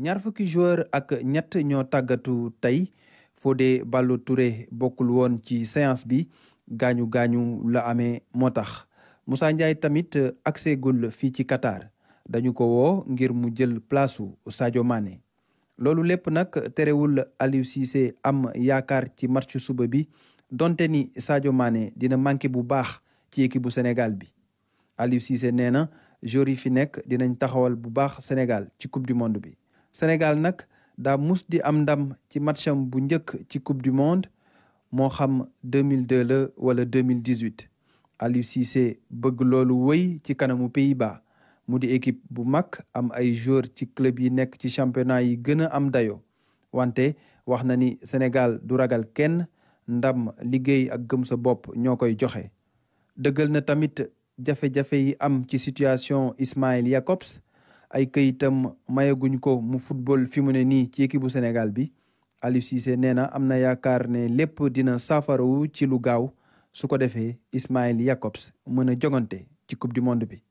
ñaar fukki joueur ak ñett ñoo tàggatu tey Fodé Ballo Touré bokkul woon ci séance bi gaañu gaañu la amee moo tax Moussa Ndiaye tamit aksegul fii ci Qatar dañu ko woo ngir mu jël placeu Sadio Mané loolu lépp nag terewul Aliou Cissé am yaakaar ci match suba bi donte ni Sadio maane dina manqué bu baax ci équipe bu Sénégal bi Aliou Cissé nee na joueurs yi fi nekk dinañ taxawal bu baax Sénégal ci coupe du monde bi Sénégal nag daa mus di am ndam ci matcham bu njëkk ci coupe du monde moo xam 2002 la wala 2018 Aliou Cissé bëgg loolu wëy ci kanamu Pays-Bas mu di équipe bu mag am ay joueur ci club yi nekk ci championnat yi gën a am dayo wante wax na ni Sénégal du ragal kenn ndam liggéey ak gëm sa bopp ñoo koy joxe dëggal na tamit jafe-jafe yi am ci situation Ismail Jakobs ay këyitam mayaguñ ko mu football fi mu ne nii ci équipe bu Sénégal bi Aliou Cissé nee na am na yaakaar ne lépp dina saafarawu ci lu gaaw su ko defee Ismail Jakobs mën a jogante ci coupe du monde bi.